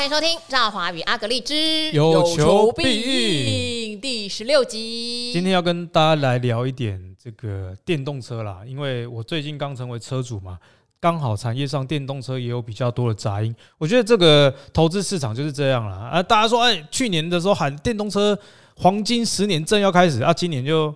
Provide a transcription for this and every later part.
歡迎收聽《趙華與阿格力之有求必應》第十六集。今天要跟大家來聊一點這個電動車啦，因為我最近剛成為車主嘛，剛好產業上電動車也有比較多的雜音。我覺得這個投資市場就是這樣啦。啊，大家說，哎，去年的時候喊電動車黃金十年正要開始，啊，今年就。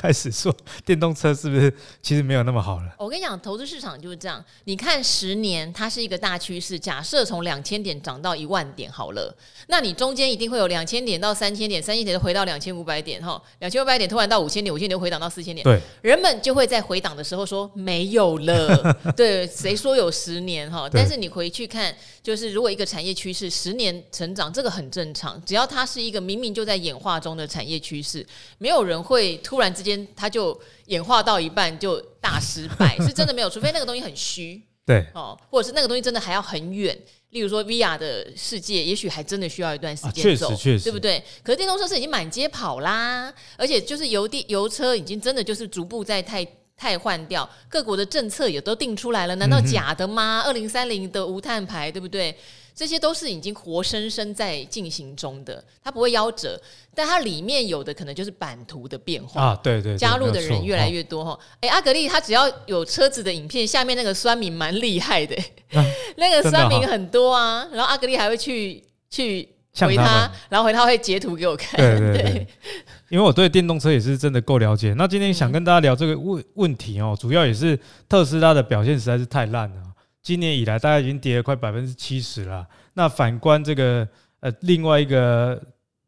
開始說電動車是不是其實沒有那麼好了？我跟你講，投資市場就是這樣。你看十年，它是一個大趨勢。假設從兩千點漲到一萬點好了，那你中間一定會有兩千點到三千點，三千點又回到兩千五百點哈，兩千五百點突然到五千點，五千點回檔到四千點，對，人們就會在回檔的時候說沒有了。 對，誰說有十年哈、哦？但是你回去看，就是如果一個產業趨勢十年成長，這個很正常。只要它是一個明明就在演化中的產業趨勢，沒有人會突然之。間它就演化到一半就大失敗， 是真的沒有，除非那個東西很虛，對哦，或者是那個東西真的還要很遠。例如說 VR 的世界，也許還真的需要一段時間走，啊、確實，確實。對不對？可是電動車是已經滿街跑啦，而且就是油電油車已經真的就是逐步在汰汰換掉，各國的政策也都定出來了，難道假的嗎？二零三零的無碳排，對不對？這些都是已經活生生在進行中的，它不會夭折，但它裡面有的可能就是版圖的變化啊，對，對對，加入的人越來越多哈。哎、哦欸，阿格力，他只要有車子的影片，下面那個酸民蠻厲害的，啊、 那個酸民很多啊，啊。然後阿格力還會去去回他，他，然後回他會截圖給我看，對，對，對， 對，因為我對電動車也是真的夠了解。那今天想跟大家聊這個問問題哦、嗯，主要也是特斯拉的表現實在是太爛了。今年以來，大概已經跌了快百分之七十了、啊。那反觀這個呃，另外一個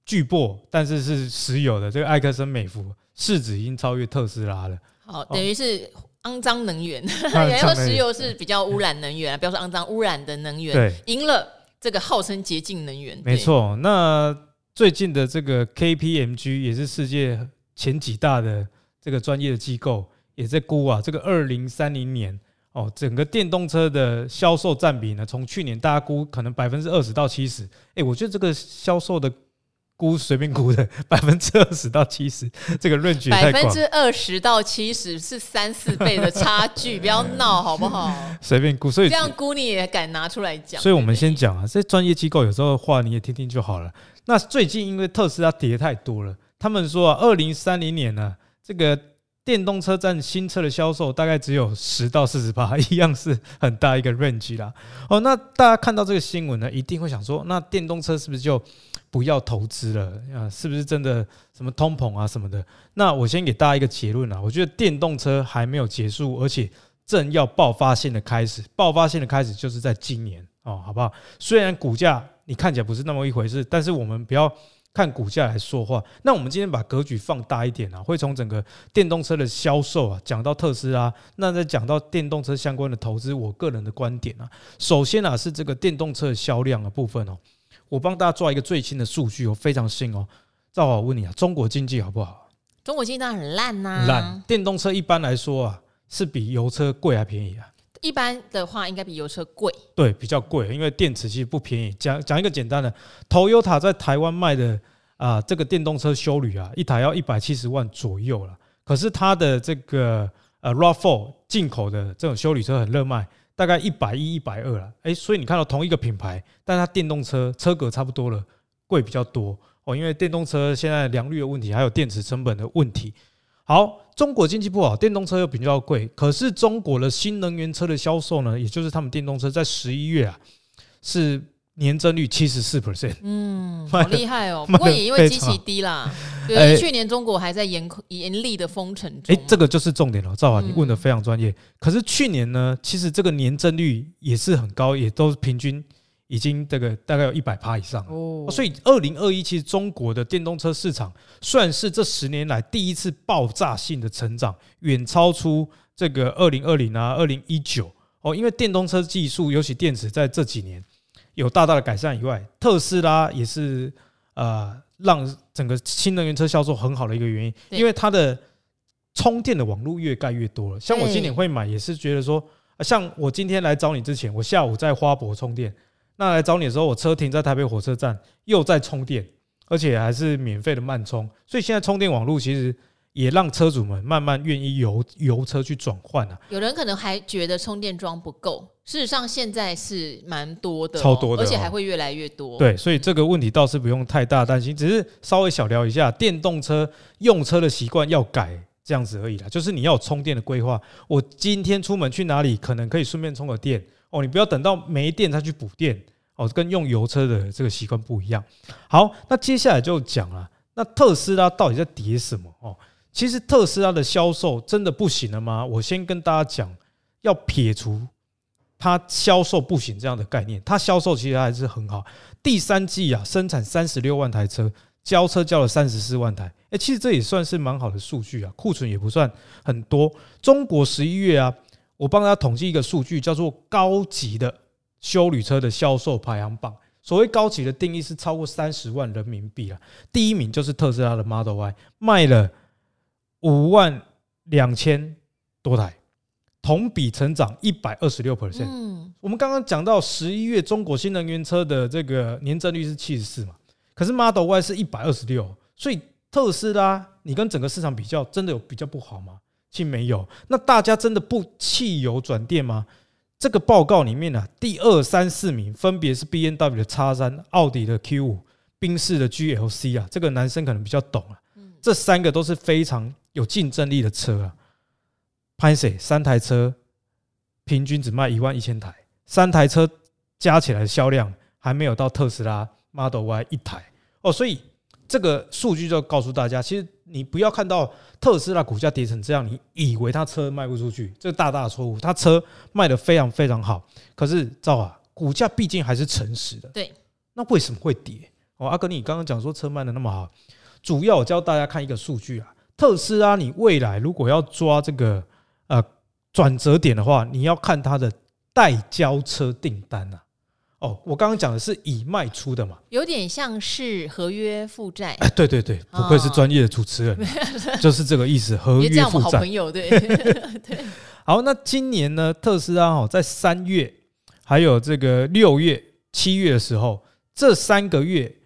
巨擘，但是是石油的這個埃克森美孚，市值已經超越特斯拉了。好，等於是骯髒能源，人、哦、家 石油是比較汙染能源、啊，不、嗯、要說骯髒汙染的能源，對贏了這個號稱潔淨能源。沒錯。那最近的這個 KPMG 也是世界前幾大的這個專業的機構，也在估啊，這個二零三零年。哦，整個電動車的銷售占比呢？從去年大家估可能百分之二十到七十，誒，我覺得這個銷售的估隨便估的百分之二十到七十，這個 range 也太廣，百分之二十到七十是三四倍的差距， 不要鬧好不好？隨便估，所以這樣估你也敢拿出來講？所以我們先講啊，對對，這專業機構有時候的話你也聽聽就好了。那最近因為特斯拉跌太多了，他們說二零三零年呢、啊，這個。電動車佔新車的銷售大概只有10到40%，一樣是很大一個 range 啦。哦，那大家看到這個新聞呢，一定會想說，那電動車是不是就不要投資了啊？是不是真的什麼通膨啊什麼的？那我先給大家一個結論啊，我覺得電動車還沒有結束，而且正要爆發性的開始。爆發性的開始就是在今年哦，好不好？雖然股價你看起來不是那麼一回事，但是我們不要。看股價來說話，那我們今天把格局放大一點啊，會從整個電動車的銷售啊講到特斯拉啊，那再講到電動車相關的投資。我個人的觀點啊，首先啊是這個電動車的銷量的部分哦，我幫大家做一個最新的數據，我非常信哦。趙，我問你啊，中國經濟好不好？中國經濟當然很爛吶啊，爛。電動車一般來說啊，是比油車貴還便宜啊？一般的話，應該比油車貴。對，比較貴，因為電池其實不便宜。講講一個簡單的，Toyota 在台灣賣的啊，呃，這個電動車休旅啊，一台要一百七十萬左右了。可是它的這個呃 RAV4 進口的這種休旅車很熱賣，大概一百一、一百二了。誒,所以你看到同一個品牌，但它電動車車格差不多了，貴比較多哦，因為電動車現在良率的問題，還有電池成本的問題。好，中國經濟不好，電動車又比較貴，可是中國的新能源車的銷售呢，也就是他們電動車在十一月啊，是年增率七十四 percent，嗯，好厲害哦，不過也因為基期低啦，對，因為哎、去年中國還在嚴嚴厲的封城中、啊，哎，這個就是重點了，趙華，你問的非常專業、嗯，可是去年呢，其實這個年增率也是很高，也都是平均。已經這個大概有一百趴以上哦，所以二零二一其實中國的電動車市場算是這十年來第一次爆炸性的成長，遠超出這個二零二零啊，二零一九哦，因為電動車技術尤其，電池在這幾年有大大的改善以外，特斯拉也是呃讓整個新能源車銷售很好的一個原因，因為它的充電的網絡越蓋越多了。像我今年會買也是覺得說，像我今天來找你之前，我下午在花博充電。那來找你的時候，我車停在台北火車站，又在充電，而且還是免費的慢充。所以現在充電網絡其實也讓車主們慢慢願意由油車去轉換了。有人可能還覺得充電樁不夠，事實上現在是蠻多的，超多的，而且還會越來越多。對，所以這個問題倒是不用太大擔心，只是稍微小聊一下，電動車用車的習慣要改這樣子而已啦。就是你要有充電的規劃，我今天出門去哪裡，可能可以順便充個電。哦，你不要等到沒電才去補電哦，跟用油車的這個習慣不一樣。好，那接下來就講了，那特斯拉到底在跌什麼哦？其實特斯拉的銷售真的不行了嗎？我先跟大家講，要撇除它銷售不行這樣的概念，它銷售其實還是很好。第三季啊，生產三十六萬台車，交車交了三十四萬台、欸，誒，其實這也算是蠻好的數據啊，庫存也不算很多。中國十一月啊。我幫大家統計一個數據，叫做高級的休旅車的銷售排行榜。所謂高級的定義是超過三十萬人民幣啦。第一名就是特斯拉的 Model Y，賣了五萬兩千多台，同比成長一百二十六 percent。我們剛剛講到十一月中國新能源車的這個年增率是七十四嘛，可是 Model Y 是一百二十六，所以特斯拉你跟整個市場比較，真的有比較不好嗎？並沒有，那大家真的不汽油轉電嗎？這個報告裡面呢、啊，第二、三四名分別是 B M W 的 X 三、奧迪的 Q 五、賓士的 G L C 啊。這個男生可能比較懂啊，這三個都是非常有競爭力的車啊。Pace 三台車平均只賣一萬一千台，三台車加起來的銷量還沒有到特斯拉 Model Y 一台哦。所以這個數據就告訴大家，其實。你不要看到特斯拉股價跌成這樣，你以為他車賣不出去？這是大大的錯誤。他車賣得非常非常好，可是照啊，股價畢竟還是誠實的。對，那為什麼會跌？哦，阿哥，你剛剛講說車賣得那麼好，主要我教大家看一個數據啊。特斯拉，你未來如果要抓這個呃轉折點的話，你要看它的待交車訂單啊。哦、oh,，我剛剛講的是已賣出的嘛，有點像是合約負債。哎、對對對，不愧是專業的主持人，哦、 就是這個意思。合約負債，這樣好朋友對, 對好，那今年呢，特斯拉哦，在三月還有這個六月、七月的時候，這三個月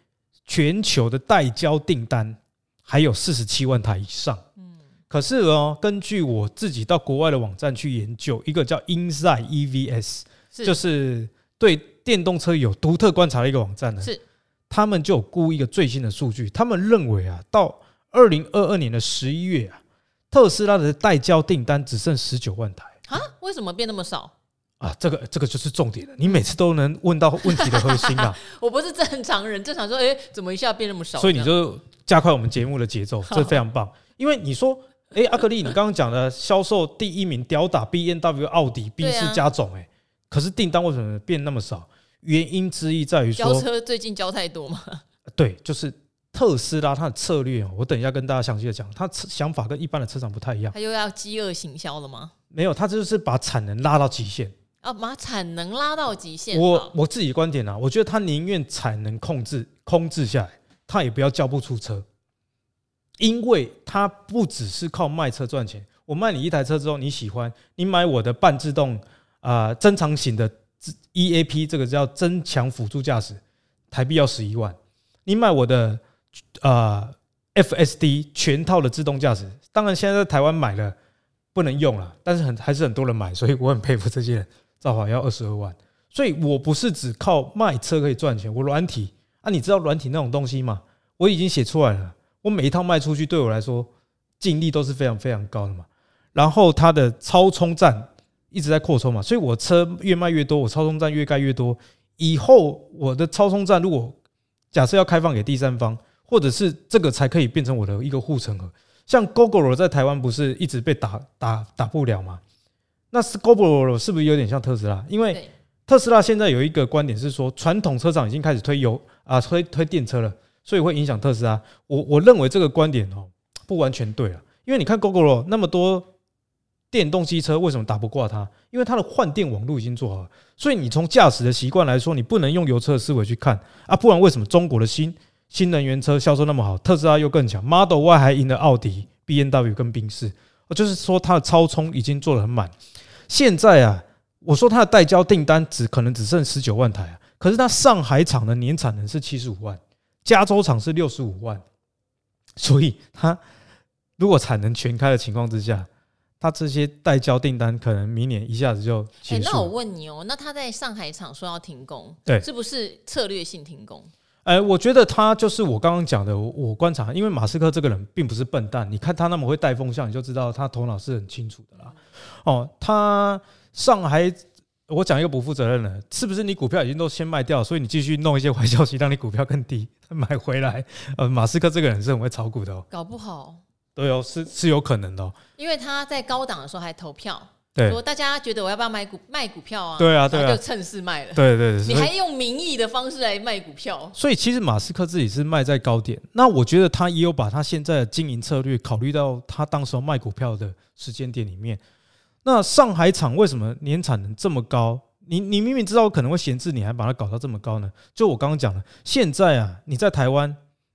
全球的代交訂單還有四十七萬台以上。嗯，可是哦，根據我自己到國外的網站去研究，一個叫 Inside EVs，、嗯、是就是對。電動車有獨特觀察的一個網站呢是，是他們就有估一個最新的數據，他們認為啊，到二零二二年的十一月啊，特斯拉的待交訂單只剩十九萬台啊？為什麼變那麼少啊？這個這個就是重點了。你每次都能問到問題的核心啊！ 我不是正常人，正常說，誒、欸，怎麼一下變那麼少？所以你就加快我們節目的節奏好好，這非常棒。因為你說，誒、欸，阿克利， 你剛剛講的銷售第一名吊打 B N W 奧迪、賓士加總、欸，誒、啊。可是訂單為什麼變那麼少？原因之一在於說，交車最近交太多嗎？對，就是特斯拉它的策略，我等一下跟大家詳細的講。他想法跟一般的車廠不太一樣，他又要飢餓行銷了嗎？沒有，他就是把產能拉到極限啊，把產能拉到極限。我我自己觀點啊，我覺得他寧願產能控制空置下來，他也不要交不出車，因為他不只是靠賣車賺錢。我賣你一台車之後，你喜歡，你買我的半自動啊，增、呃、強型的。EAP 這個叫增強輔助駕駛，台幣要十一萬。你買我的啊、呃、FSD 全套的自動駕駛，當然現在在台灣買了不能用了，但是很還是很多人買，所以我很佩服這些人。造化，要二十二萬，所以我不是只靠賣車可以賺錢我，我軟體啊，你知道軟體那種東西嘛？我已經寫出來了，我每一套賣出去對我來說，淨利都是非常非常高的嘛。然後它的超充站。一直在擴充嘛，所以我車越賣越多，我超充站越蓋越多。以後我的超充站如果假設要開放給第三方，或者是這個才可以變成我的一個護城河。像 Gogoro 在台灣不是一直被打打打不了嗎？那是 Gogoro 是不是有點像特斯拉？因為特斯拉現在有一個觀點是說，傳統車廠已經開始推油啊，推推電車了，所以會影響特斯拉。我我認為這個觀點哦不完全對啊，因為你看 Gogoro 那麼多。電動機車為什麼打不過它？因為它的換電網絡已經做好了，所以你從駕駛的習慣來說，你不能用油車的思維去看啊。不然為什麼中國的新新能源車銷售那麼好？特斯拉、啊、又更強，Model Y 還贏了奧迪、BMW 跟賓士？我就是說，它的超充已經做得很滿。現在啊，我說它的代交訂單只可能只剩十九萬台啊。可是它上海廠的年產能是七十五萬，加州廠是六十五萬，所以它如果產能全開的情況之下。他這些代交訂單可能明年一下子就結束、欸、那我問你哦、喔，那他在上海廠說要停工，對，是不是策略性停工？哎、欸，我覺得他就是我剛剛講的，我觀察，因為馬斯克這個人並不是笨蛋，你看他那麼會帶風向，你就知道他頭腦是很清楚的啦。哦，他上海，我講一個不負責任的，是不是？你股票已經都先賣掉，所以你繼續弄一些壞消息，讓你股票更低，買回來。呃，馬斯克這個人是很會炒股的哦，搞不好。對哦，是是有可能的。哦，因為他在高檔的時候還投票，對說大家覺得我要不要買股賣股票啊？對啊，他、啊、就趁勢賣了。對、啊、對、啊，你還用民意的方式來賣股票所所，所以其實馬斯克自己是賣在高點。那我覺得他也有把他現在的經營策略考慮到他當時賣股票的時間點裡面。那上海廠為什麼年產能這麼高？你你明明知道我可能會閒置你，你還把它搞到這麼高呢？就我剛剛講的，現在啊，你在台灣，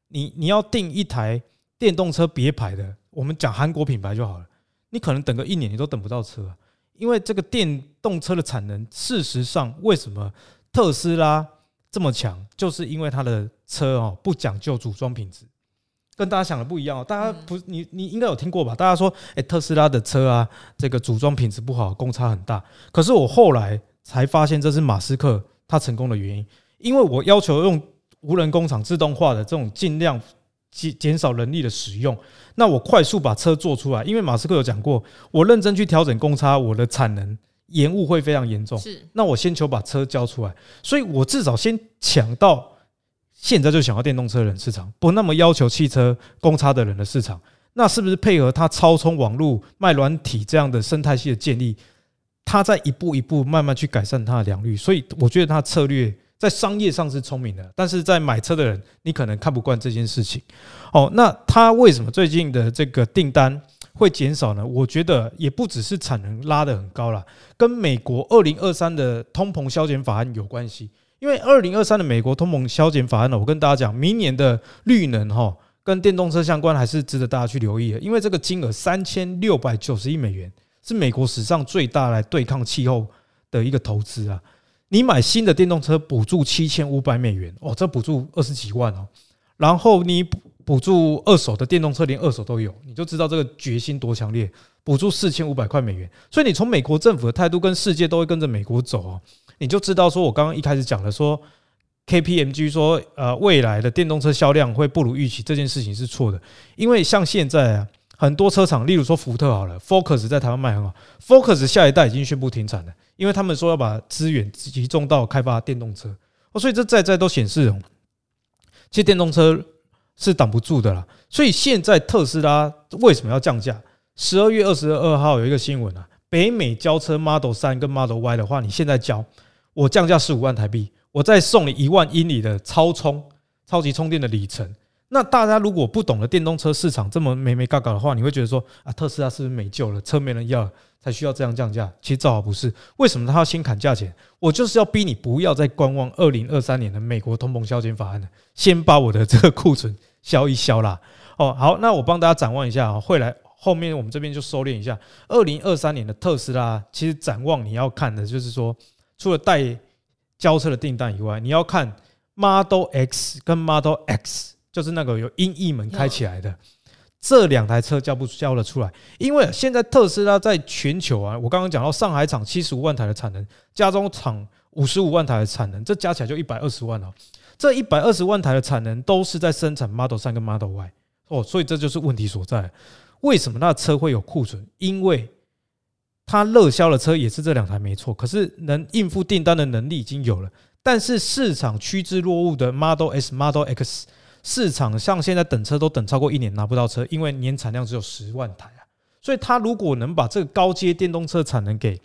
你你要訂一台。電動車別牌的，我們講韓國品牌就好了。你可能等個一年，你都等不到車，因為這個電動車的產能。事實上，為什麼特斯拉這麼強？就是因為它的車哦不講究組裝品質，跟大家想的不一樣哦。大家不，你你應該有聽過吧？大家說，誒、欸，特斯拉的車啊，這個組裝品質不好，公差很大。可是我後來才發現，這是馬斯克他成功的原因，因為我要求用無人工廠、自動化的這種盡量。減減少人力的使用，那我快速把車做出來，因為馬斯克有講過，我認真去調整公差，我的產能延誤會非常嚴重。是，那我先求把車交出來，所以我至少先搶到現在就想要電動車人市場，不那麼要求汽車公差的人的市場。那是不是配合他超充網絡賣軟體這樣的生態系的建立，他在一步一步慢慢去改善他的良率？所以我覺得他的策略。在商業上是聰明的，但是在買車的人，你可能看不慣這件事情。哦，那他為什麼最近的這個訂單會減少呢？我覺得也不只是產能拉得很高了，跟美國二零二三的通膨削減法案有關係。因為二零二三的美國通膨削減法案呢，我跟大家講，明年的綠能哈跟電動車相關，還是值得大家去留意的。因為這個金額三千六百九十億美元，是美國史上最大來對抗氣候的一個投資啊。你買新的電動車補助七千五百美元哦，這補助二十幾萬哦、喔，然後你補補助二手的電動車，連二手都有，你就知道這個決心多強烈，補助四千五百塊美元。所以你從美國政府的態度跟世界都會跟着美國走哦，你就知道說我剛剛一開始講了說 KPMG 說呃未來的電動車銷量會不如預期這件事情是錯的，因為像現在啊很多車廠，例如說福特好了，Focus 在台灣賣很好，Focus 下一代已經宣布停產了。因為他們說要把資源集中到開發電動車，哦，所以這在在都顯示，其實電動車是擋不住的啦。所以現在特斯拉為什麼要降價？十二月二十二號有一個新聞啊，北美交車 Model 3跟 Model Y 的話，你現在交我降價十五萬台幣，我再送你一萬英里的超充、超級充電的里程。那大家如果不懂得電動車市場這麼眉眉角角的話，你會覺得說啊，特斯拉是不是沒救了？車沒人要？才需要這樣降價，其實正好不是。為什麼他要先砍價錢？我就是要逼你不要再觀望二零二三年的美國通膨削減法案了。先把我的這個庫存消一消啦。哦，好，那我幫大家展望一下啊，會來後面我們這邊就收斂一下。二零二三年的特斯拉，其實展望你要看的就是說，除了帶交車的訂單以外，你要看 Model X 跟 Model X，就是那個有鷹翼門開起來的、嗯。這兩台車交不交得出來？因為現在特斯拉在全球啊，我剛剛講到上海廠七十五萬台的產能，加州廠五十五萬台的產能，這加起來就一百二十萬了。這一百二十萬台的產能都是在生產 Model 3跟 Model Y 哦，所以這就是問題所在。為什麼那車會有庫存？因為它熱銷的車也是這兩台沒錯，可是能應付訂單的能力已經有了，但是市場趨之若鶩的 Model S、Model X。市場像現在等車都等超過一年拿不到車，因為年產量只有十萬台啊。所以它如果能把這個高階電動車產能給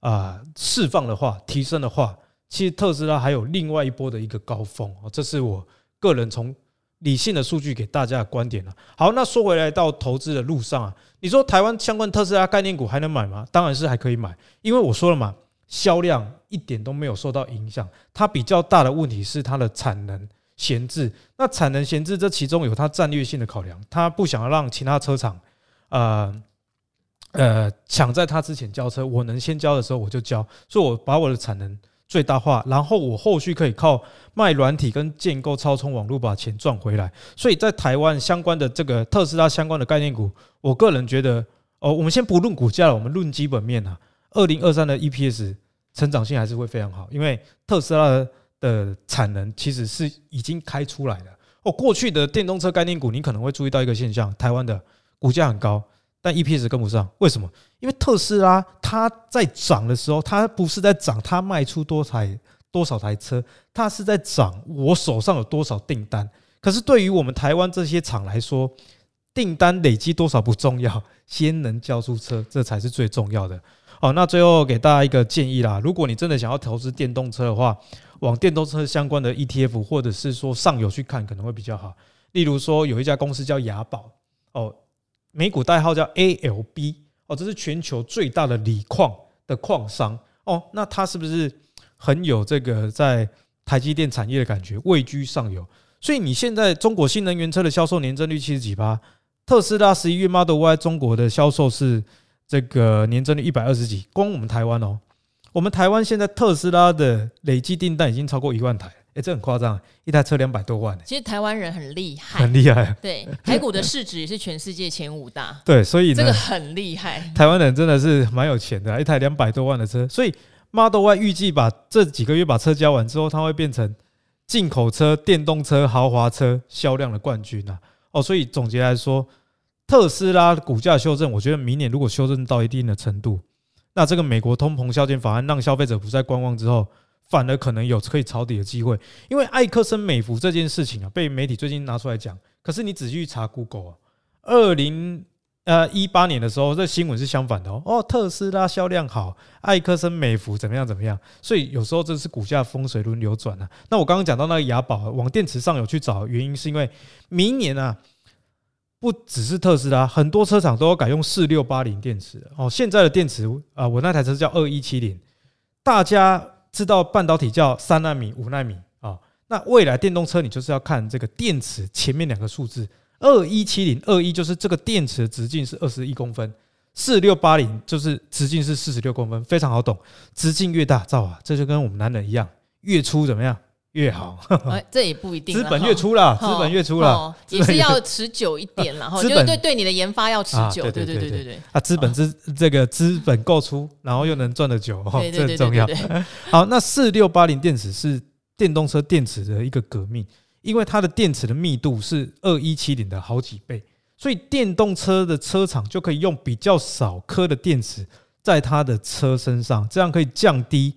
啊、呃、釋放的話，提升的話，其實特斯拉還有另外一波的一個高峰啊。這是我個人從理性的數據給大家的觀點了、啊。好，那說回來到投資的路上啊，你說台灣相關特斯拉概念股還能買嗎？當然是還可以買，因為我說了嘛，銷量一點都沒有受到影響。它比較大的問題是它的產能。閒置，那產能閒置，這其中有它戰略性的考量，它不想要讓其他車廠，呃，呃搶在它之前交車，我能先交的時候我就交，所以我把我的產能最大化，然後我後續可以靠賣軟體跟建構超充網絡把錢賺回來。所以在台灣相關的這個特斯拉相關的概念股，我個人覺得，哦，我們先不論股價了，我們論基本面啊，二零二三的 EPS 成長性還是會非常好，因為特斯拉的。的產能其實是已經開出來了，哦。過去的電動車概念股，你可能會注意到一個現象：台灣的股價很高，但 EPS 跟不上。為什麼？因為特斯拉它在漲的時候，它不是在漲，它賣出多台多少台車，它是在漲，我手上有多少訂單？可是對於我們台灣這些廠來說，訂單累積多少不重要，先能交出車，這才是最重要的。好，那最後給大家一個建議啦：如果你真的想要投資電動車的話，往電動車相關的 ETF，或者是說上游去看，可能會比較好。例如說，有一家公司叫雅寶，哦，美股代號叫 ALB，哦，這是全球最大的鋰礦的礦商，哦，那它是不是很有這個在台積電產業的感覺？位居上游，所以你現在中國新能源車的銷售年增率七十幾%，特斯拉十一月 Model Y 中國的銷售是這個年增率一百二十幾，光我們台灣哦。我們台灣現在特斯拉的累計訂單已經超過一萬台，哎，這很誇張，一台車兩百多萬，欸。其實台灣人很厲害，很厲害。對，台股的市值也是全世界前五大。對，所以呢，這個很厲害。台灣人真的是蠻有錢的，一台兩百多萬的車。所以 Model Y 預計把這幾個月把車交完之後，它會變成進口車、電動車、豪華車銷量的冠軍，啊，哦，所以總結來說，特斯拉的股價修正，我覺得明年如果修正到一定的程度，那這個美國通膨削減法案讓消費者不再觀望之後，反而可能有可以抄底的機會，因為艾克森美孚這件事情啊，被媒體最近拿出來講。可是你仔細去查 Google，二零呃一八年的時候，這新聞是相反的哦。哦，特斯拉銷量好，艾克森美孚怎麼樣怎麼樣？所以有時候這是股價風水輪流轉啊。那我剛剛講到那個雅寶，往電池上有去找原因，是因為明年啊。不只是特斯拉，很多車廠都要改用四六八零電池哦。現在的電池啊、呃，我那台車叫二一七零。大家知道半導體叫三納米、五納米啊、哦。那未來電動車，你就是要看這個電池前面兩個數字。二一七零，二一就是這個電池直徑是二十一公分，四六八零就是直徑是四十六公分，非常好懂。直徑越大，造啊，這就跟我們男人一樣，越粗怎麼樣？越好、啊，這也不一定。資本越粗了，資本越粗了，也是要持久一點然哈。啊就是、對對你的研發要持久，啊、對對對對，對，對，對，對，對啊，資本資這個資本夠粗，然後又能賺得久，哦、這很重要。對對對對對對對，好，那四六八零電池是電動車電池的一個革命，因為它的電池的密度是二一七零的好幾倍，所以電動車的車廠就可以用比較少顆的電池在它的車身上，這樣可以降低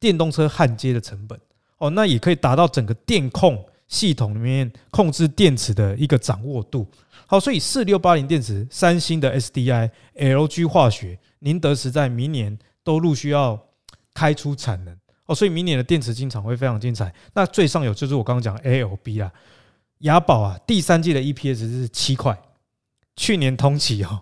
電動車焊接的成本。哦，那也可以達到整個電控系統裡面控制電池的一個掌握度。好，所以四六八零電池，三星的 S D I、L G 化學、寧德時代明年都陸續要開出產能。哦，所以明年的電池進場會非常精彩。那最上游就是我剛剛講 A L B 啊，雅寶啊，第三季的 E P S 是七塊，去年同期哦，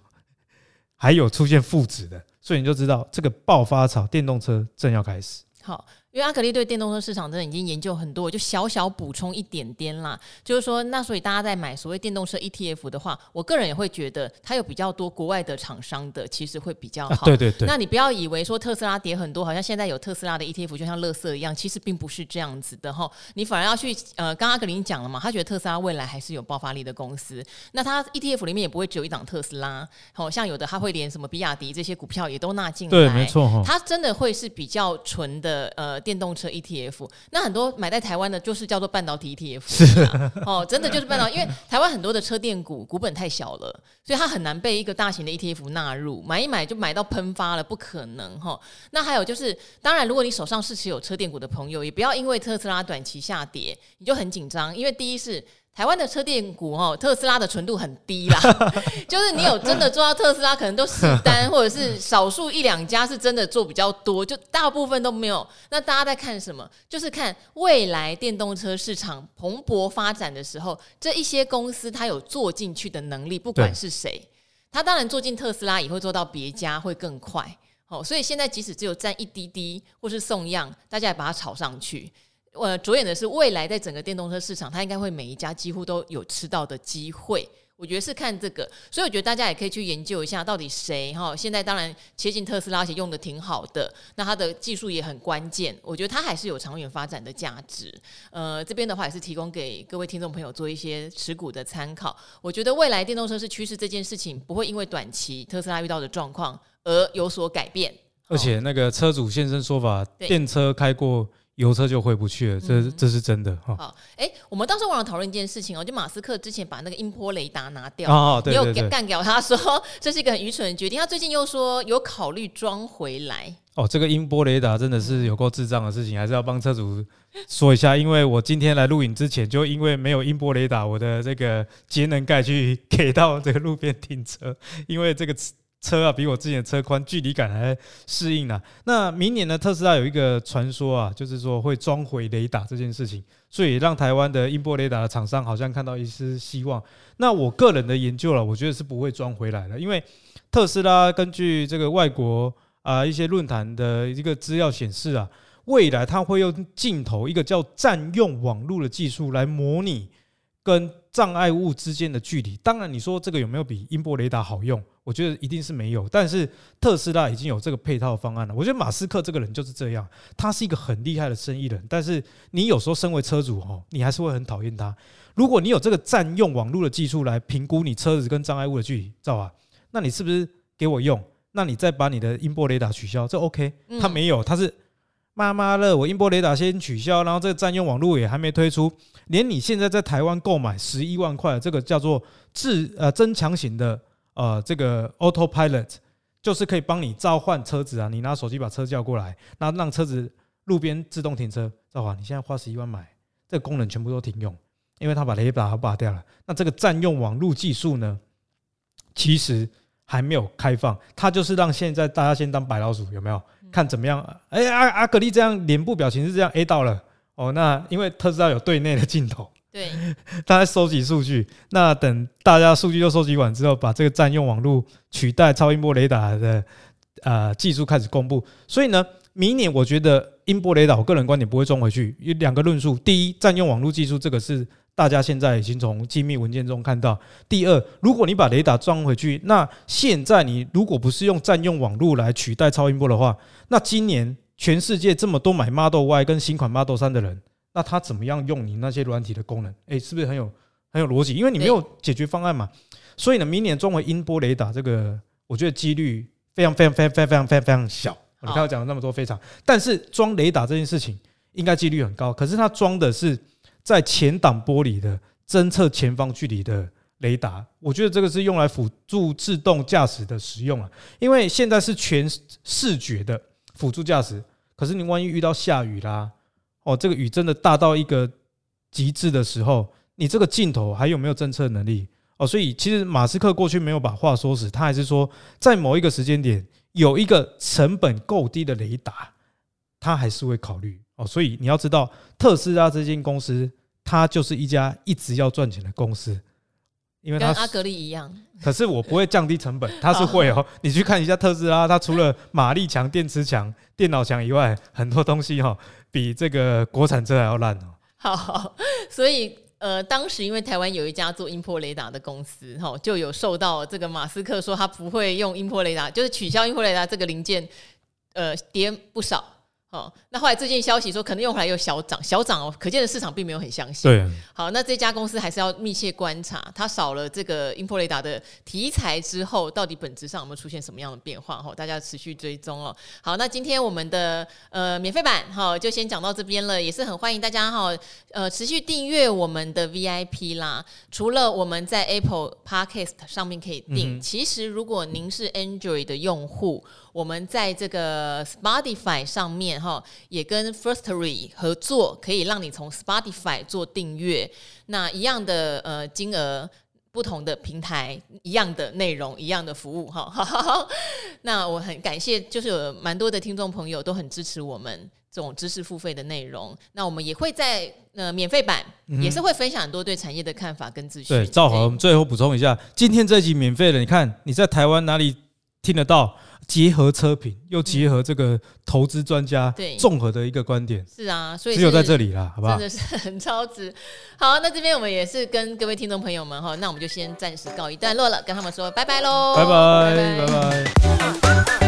還有出現負值的，所以你就知道這個爆發潮，電動車正要開始。好。因為阿格力對電動車市場真的已經研究很多，我就小小補充一點點啦，就是說，那所以大家在買所謂電動車 ETF 的話，我個人也會覺得它有比較多國外的廠商的，其實會比較好。啊、對對對。那你不要以為說特斯拉跌很多，好像現在有特斯拉的 ETF 就像樂色一樣，其實並不是這樣子的哈、哦。你反而要去呃，剛剛阿格力講了嘛，他覺得特斯拉未來還是有爆發力的公司。那他 ETF 裡面也不會只有一檔特斯拉，好、哦、像有的他會連什麼比亞迪這些股票也都納進來。對，沒錯、哦。他真的會是比較純的呃。電動車 ETF，那很多買在台灣的，就是叫做半導體 ETF，是啊，是哦，真的就是半導體。因為台灣很多的車電股股本太小了，所以它很難被一個大型的 ETF 納入，買一買就買到噴發了，不可能哈，哦。那還有就是，當然如果你手上是持有車電股的朋友，也不要因為特斯拉短期下跌你就很緊張，因為第一是。台灣的車電股哈，特斯拉的純度很低啦， 就是你有真的做到特斯拉，可能都十單或者是少數一兩家是真的做比較多，就大部分都沒有。那大家在看什麼？就是看未來電動車市場蓬勃發展的時候，這一些公司它有做進去的能力，不管是誰，他當然做進特斯拉也會做到別家會更快。好，哦，所以現在即使只有佔一滴滴或是送樣，大家也把它炒上去。呃，着眼的是未來，在整個電動車市場，它應該會每一家幾乎都有吃到的機會。我覺得是看這個，所以我覺得大家也可以去研究一下，到底誰哈。現在當然，切近特斯拉而且用的挺好的，那它的技術也很關鍵。我覺得它還是有長遠發展的價值。呃，這邊的話也是提供給各位聽眾朋友做一些持股的參考。我覺得未來電動車是趨勢，這件事情不會因為短期特斯拉遇到的狀況而有所改變。而且那個車主現身說法，電車開過。油車就回不去了，這這是真的哈。好、嗯，哎、哦欸，我們當時忘了討論一件事情哦、喔，就馬斯克之前把那個音波雷達拿掉，也、哦、有幹幹掉他，說這是一個很愚蠢的決定。他最近又說有考慮裝回來。哦，這個音波雷達真的是有夠智障的事情，嗯、還是要幫車主說一下，因為我今天來錄影之前，就因為沒有音波雷達，我的這個節能蓋去給到這個路邊停車，因為這個。車要、啊、比我之前的車寬，距離感還適應呢、啊。那明年呢，特斯拉有一個傳說啊，就是說會裝回雷達這件事情，所以讓台灣的音波雷達的廠商好像看到一絲希望。那我個人的研究了、啊，我覺得是不會裝回來的，因為特斯拉根據這個外國啊一些論壇的一個資料顯示啊，未來他會用鏡頭一個叫占用網絡的技術來模擬跟。障礙物之間的距離，當然你說這個有沒有比音波雷達好用？我覺得一定是沒有。但是特斯拉已經有這個配套方案了。我覺得馬斯克這個人就是這樣，他是一個很厲害的生意人，但是你有時候身為車主哈，你還是會很討厭他。如果你有這個占用網絡的技術來評估你車子跟障礙物的距離，知道吧？那你是不是給我用？那你再把你的音波雷達取消，這 OK？他沒有，他是。媽媽樂，我音波雷達先取消，然後這個占用網絡也還沒推出，連你現在在台灣購買十一萬塊這個叫做自呃增強型的呃這個 autopilot，就是可以幫你召喚車子啊，你拿手機把車叫過來，那讓車子路邊自動停車，召喚，你現在花十一萬買，這個，功能全部都停用，因為他把雷達拔掉了。那這個占用網絡技術呢，其實還沒有開放，它就是讓現在大家先當白老鼠，有沒有？看怎麼樣？哎、欸，阿阿格力這樣臉部表情是這樣，A 到了哦。那因為特斯拉有對內的鏡頭，對，他在收集數據。那等大家數據都收集完之後，把這個佔用網絡取代超音波雷達的啊、呃、技術開始公布。所以呢，明年我覺得音波雷達我個人觀點不會裝回去，有兩個論述：第一，佔用網絡技術這個是。大家現在已經從機密文件中看到。第二，如果你把雷達裝回去，那現在你如果不是用占用網絡來取代超音波的話，那今年全世界這麼多買 Model Y 跟新款 Model 3的人，那他怎麼樣用你那些軟體的功能？誒、欸，是不是很有很有邏輯？因為你沒有解決方案嘛。欸、所以呢，明年裝回音波雷達這個，我覺得幾率非常非常非常非常非常非常非常小。哦、你剛才講了那麼多非常，但是裝雷達這件事情應該幾率很高。可是它裝的是。在前擋玻璃的偵測前方距離的雷達，我覺得這個是用來輔助自動駕駛的使用啊。因為現在是全視覺的輔助駕駛，可是你萬一遇到下雨啦，哦，這個雨真的大到一個極致的時候，你這個鏡頭還有沒有偵測能力？哦，所以其實馬斯克過去沒有把話說死，他還是說在某一個時間點有一個成本夠低的雷達，他還是會考慮。哦，所以你要知道，特斯拉這間公司，它就是一家一直要賺錢的公司，因為它跟阿格力一樣。可是我不會降低成本，它是會哦。 你去看一下特斯拉，它除了馬力強、電池強、電腦強以外，很多東西哈、哦、比這個國產車還要爛哦。好好，所以呃，當時因為台灣有一家做音波雷達的公司，哈，就有受到這個馬斯克說他不會用音波雷達，就是取消音波雷達這個零件，呃，跌不少。哦，那後來最近消息說可能又回來，又小漲，小漲哦。可見的市場並沒有很相信。對，好，那這家公司還是要密切觀察，它少了這個印波雷達的題材之後，到底本質上有沒有出現什麼樣的變化？哈、哦，大家持續追蹤哦。好，那今天我們的呃免費版哈、哦、就先講到這邊了，也是很歡迎大家哈、哦、呃持續訂閱我們的 VIP 啦。除了我們在 Apple Podcast 上面可以訂、嗯，其實如果您是 Android 的用戶。我們在這個 Spotify 上面哈，也跟 Firstory 合作，可以讓你從 Spotify 做訂閱。那一樣的呃金額，不同的平台，一樣的內容，一樣的服務哈。那我很感謝，就是有蠻多的聽眾朋友都很支持我們這種知識付費的內容。那我們也會在呃免費版嗯嗯也是會分享很多對產業的看法跟資訊。對，趙豪，我、欸、們最後補充一下，今天這集免費的，你看你在台灣哪裡？聽得到，結合車評，又結合這個投資專家，綜合的一個觀點。嗯、是啊，所以只有在這裡啦，好不好？真的是很超值。好，那這邊我們也是跟各位聽眾朋友們哈，那我們就先暫時告一段落了，跟他們說拜拜嘍，拜拜拜拜。拜拜